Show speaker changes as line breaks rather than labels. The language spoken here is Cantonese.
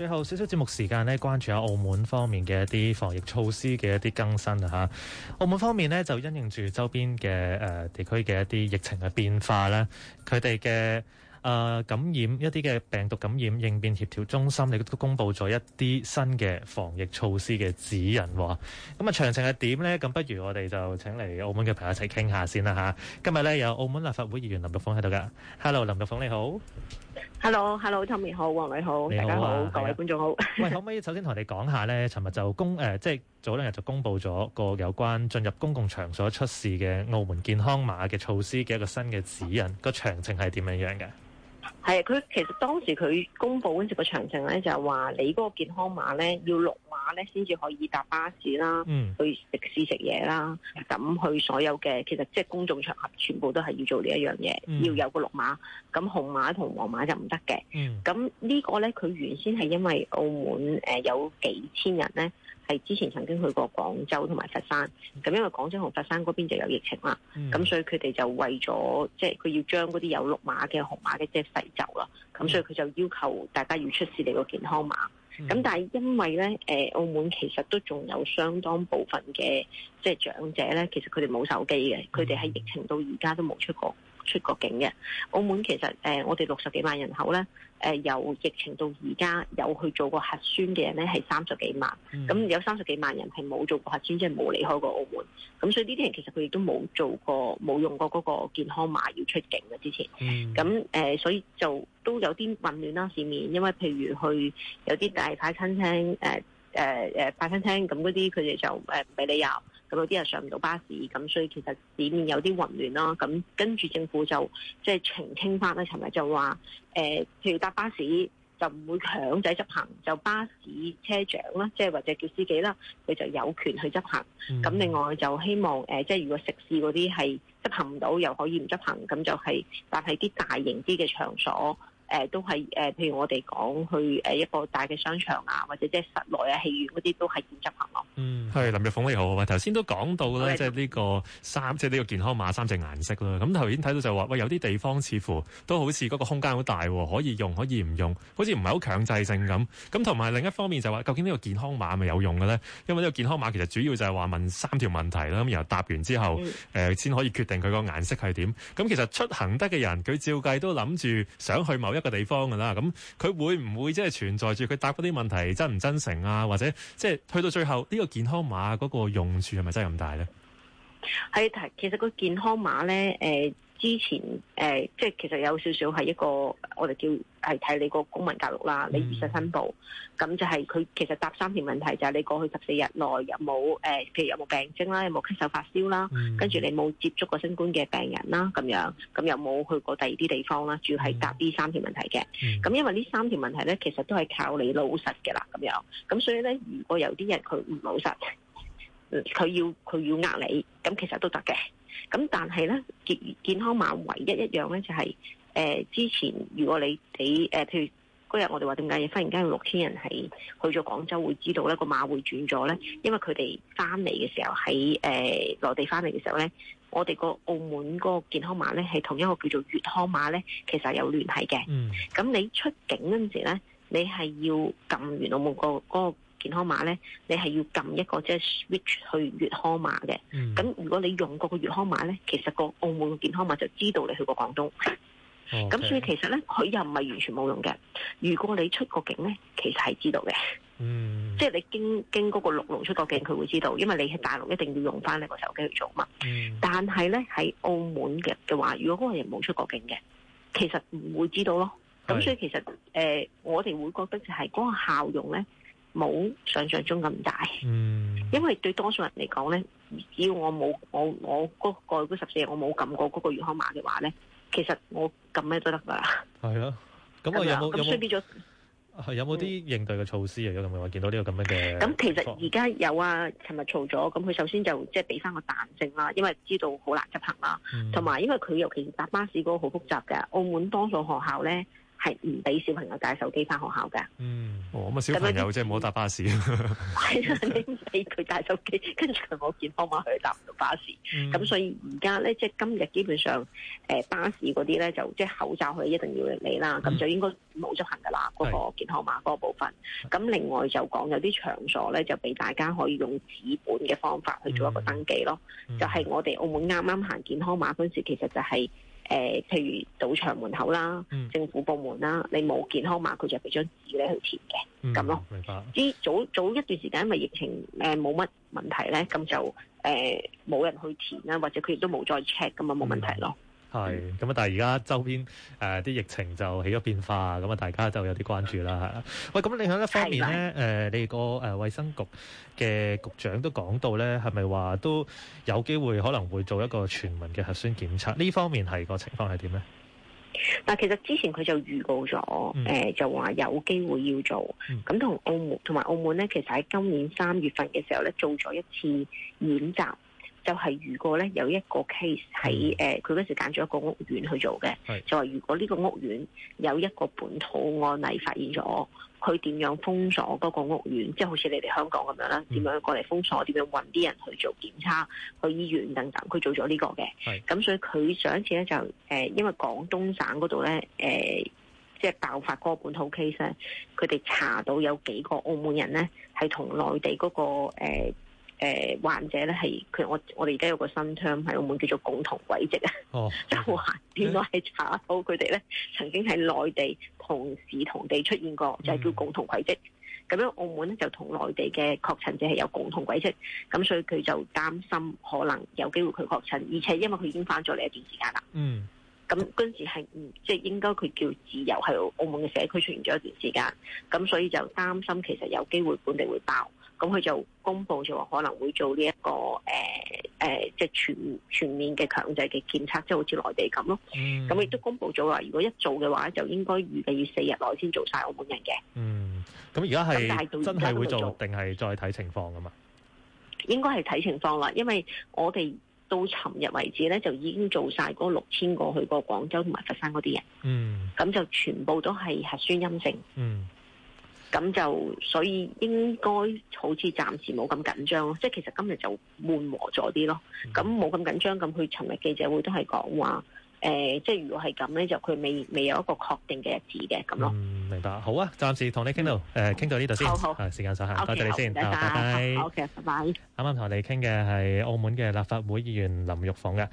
最後少少節目時間呢關注下澳門方面嘅一啲防疫措施嘅一啲更新啊！嚇，澳門方面呢，就因應住周邊嘅誒、呃、地區嘅一啲疫情嘅變化咧，佢哋嘅誒感染一啲嘅病毒感染應變協調中心，亦都公布咗一啲新嘅防疫措施嘅指引喎。咁啊，詳情係點呢？咁不如我哋就請嚟澳門嘅朋友一齊傾下先啦嚇。今日呢，有澳門立法會議員林玉鳳喺度㗎。Hello，林玉鳳你好。
Hello，hello，Tommy 好，王偉好、啊，大家好，各位觀眾好。
啊、 喂，可唔可以首先同你講下咧？尋日就公誒、呃，即係早兩日就公布咗個有關進入公共場所出示嘅澳門健康碼嘅措施嘅一個新嘅指引，個詳情係點樣樣嘅？
係啊，佢其實當時佢公布嗰陣時嘅詳情咧，就係話你嗰個健康碼咧要綠碼咧先至可以搭巴士啦、嗯，去食肆食嘢啦，咁去所有嘅其實即係公眾場合全部都係要做呢一樣嘢、嗯，要有個綠碼，咁紅碼同黃碼就唔得嘅。咁、嗯、呢個咧，佢原先係因為澳門誒有幾千人咧。係之前曾經去過廣州同埋佛山，咁因為廣州同佛山嗰邊就有疫情啦，咁、嗯、所以佢哋就為咗即係佢要將嗰啲有綠碼嘅紅碼嘅即係洗走啦，咁所以佢就要求大家要出示你個健康碼。咁、嗯、但係因為咧，誒澳門其實都仲有相當部分嘅即係長者咧，其實佢哋冇手機嘅，佢哋喺疫情到而家都冇出過。出過境嘅，澳門其實誒、呃，我哋六十幾萬人口咧，誒、呃、由疫情到而家有去做過核酸嘅人咧，係三十幾萬。咁、mm-hmm. 有三十幾萬人係冇做過核酸，即係冇離開過澳門。咁所以呢啲人其實佢亦都冇做過，冇用過嗰個健康碼要出境嘅之前。咁、mm-hmm. 誒、呃，所以就都有啲混亂啦市面，因為譬如去有啲大快餐廳，誒誒誒快餐廳咁嗰啲，佢哋就誒唔俾你入。咁有啲人上唔到巴士，咁所以其實市面有啲混亂啦。咁跟住政府就即係、就是、澄清翻啦。尋日就話誒，譬、呃、如搭巴士就唔會強制執行，就巴士車長啦，即係或者叫司機啦，佢就有權去執行。咁另外就希望誒，即、呃、係如果食肆嗰啲係執行唔到，又可以唔執行，咁就係、是、但係啲大型啲嘅場所。誒都係誒、呃，譬
如我哋講去誒一個大嘅商場啊，或者即係室內啊戲院嗰啲都係要執行咯。嗯，係林玉鳳你好，喂，頭先都講到啦，即係呢個三，即係呢個健康碼三隻顏色啦。咁頭先睇到就話，喂，有啲地方似乎都好似嗰個空間好大喎，可以用可以唔用，好似唔係好強制性咁。咁同埋另一方面就話，究竟呢個健康碼係咪有用嘅咧？因為呢個健康碼其實主要就係話問三條問題啦，咁然後答完之後誒先、嗯呃、可以決定佢個顏色係點。咁其實出行得嘅人，佢照計都諗住想去某一一個地方噶啦，咁佢會唔會即係存在住佢答嗰啲問題真唔真誠啊？或者即係去到最後呢個健康碼嗰個用處係咪真係咁大咧？
係提，其實個健康碼咧，誒、呃。之前誒，即、呃、係其實有少少係一個，我哋叫係睇你個公民教育啦，你如實申報，咁、嗯、就係、是、佢其實答三條問題，就係你過去十四日內有冇誒，譬如有冇病徵啦，有冇咳嗽發燒啦，跟、嗯、住你冇接觸過新冠嘅病人啦，咁樣，咁又冇去過第二啲地方啦，主要係答呢三條問題嘅。咁、嗯、因為呢三條問題咧，其實都係靠你老實嘅啦，咁樣。咁所以咧，如果有啲人佢唔老實，佢要佢要呃你，咁其實都得嘅。咁但係咧，健健康碼唯一一樣咧就係、是呃，之前如果你你、呃、譬如嗰日我哋話點解要忽然間有六千人係去咗廣州會知道咧，個碼會轉咗咧，因為佢哋翻嚟嘅時候喺、呃、內地翻嚟嘅時候咧，我哋個澳門嗰個健康碼咧係同一個叫做粵康碼咧，其實有聯繫嘅。嗯。咁你出境嗰陣時咧，你係要撳完澳門、個個。健康碼咧，你係要撳一個即係 switch 去粵康碼嘅。咁、嗯、如果你用過個粵康碼咧，其實個澳門嘅健康碼就知道你去過廣東。咁、okay. 所以其實咧，佢又唔係完全冇用嘅。如果你出過境咧，其實係知道嘅。嗯，即係你經經嗰個陸路出過境，佢會知道，因為你喺大陸一定要用翻你個手機去做嘛、嗯。但係咧喺澳門嘅嘅話，如果嗰個人冇出過境嘅，其實唔會知道咯。咁所以其實，誒、呃，我哋會覺得就係嗰個效用咧。冇想象中咁大、嗯，因為對多數人嚟講咧，只要我冇我我過去嗰十四日我冇撳過嗰個粵康碼嘅話咧，其實我撳咩都得噶啦。係
啊，咁我有冇有冇？有冇啲應對嘅措施啊、嗯？如果咁、這個、樣話，見到呢個咁樣嘅？咁其實而
家有啊，琴日嘈咗，咁佢首先就即係俾翻個彈性啦，因為知道好難執行啦，同、嗯、埋因為佢尤其是搭巴士嗰個好複雜嘅，澳門多數學校咧。係唔俾小朋友帶手機翻學校㗎？嗯，
咁、哦、啊小朋友即係唔好搭巴士。
係啊，你唔俾佢帶手機，跟住佢冇健康碼，佢搭唔到巴士。咁、嗯、所以而家咧，即係今日基本上，誒、呃、巴士嗰啲咧就即係口罩佢一定要嚟啦。咁就應該冇執行㗎啦，嗰、嗯嗰個健康碼嗰部分。咁另外就講有啲場所咧，就俾大家可以用紙本嘅方法去做一個登記咯。嗯、就係、是、我哋澳門啱啱行健康碼嗰陣時，其實就係、是。誒，譬如賭場門口啦，政府部門啦、嗯，你冇健康碼，佢就俾張紙你去填嘅。咁、嗯、咯。明白啲早早一段時間，因為疫情誒冇乜問題咧，咁就誒冇、呃、人去填啦，或者佢亦都冇再 check，咁啊冇問題咯。嗯
係咁啊！但係而家周邊誒啲、呃、疫情就起咗變化，咁啊大家就有啲關注啦嚇。 喂，咁另外一方面咧，誒、呃、你個誒衞生局嘅局長都講到咧，係咪話都有機會可能會做一個全民嘅核酸檢測？呢方面係個情況係點咧？
但係，其實之前佢就預告咗，誒、嗯呃、就話有機會要做，咁、嗯、同澳門同埋澳門咧，其實喺今年三月份嘅時候咧，做咗一次演習。就係、是、如果咧有一個 case 喺誒，佢、嗯、嗰時揀咗一個屋苑去做嘅，就話如果呢個屋苑有一個本土案例發現咗，佢點樣封鎖嗰個屋苑，即係好似你哋香港咁樣啦，點、嗯、樣過嚟封鎖，點樣搵啲人去做檢測，去醫院等等，佢做咗呢個嘅。咁所以佢上一次咧就誒、呃，因為廣東省嗰度咧誒，即、呃、係、就是、爆發嗰個本土 case 咧，佢哋查到有幾個澳門人咧係同內地嗰、那個、呃誒、呃，患者咧係佢，我我哋而家有個新 term 喺澳門叫做共同軌迹啊，即係話點解係查到佢哋咧曾經喺內地同時同地出現過，就係、是、叫共同軌迹。咁、嗯、樣澳門咧就同內地嘅確診者係有共同軌迹，咁所以佢就擔心可能有機會佢確診，而且因為佢已經翻咗嚟一段時間啦。嗯，咁嗰陣時係唔即係應該佢叫自由喺澳門嘅社區，出現咗一段時間，咁所以就擔心其實有機會本地會爆。咁佢就公布咗話可能會做呢、這、一個誒誒，即、呃、係、呃、全全面嘅強制嘅檢測，即、就、係、是、好似內地咁咯。咁、嗯、亦都公布咗話，如果一做嘅話，就應該預計要四日內先做晒。澳門人嘅。嗯，
咁而家係真係會做定係再睇情況噶嘛？
應該係睇情況啦，因為我哋到尋日為止咧，就已經做晒嗰六千個去過廣州同埋佛山嗰啲人。嗯。咁就全部都係核酸陰性。嗯。咁就所以應該好似暫時冇咁緊張咯，即係其實今日就緩和咗啲咯。咁冇咁緊張咁，佢尋日記者會都係講話，誒，即係如果係咁咧，就佢未未有一個確定嘅日子嘅咁咯。
明白，好啊，暫時同你傾到誒，傾到呢度先。好，時間所限，多謝你先，拜拜。好，OK，拜拜。啱啱同你傾嘅係澳門嘅立法會議員林玉鳳嘅。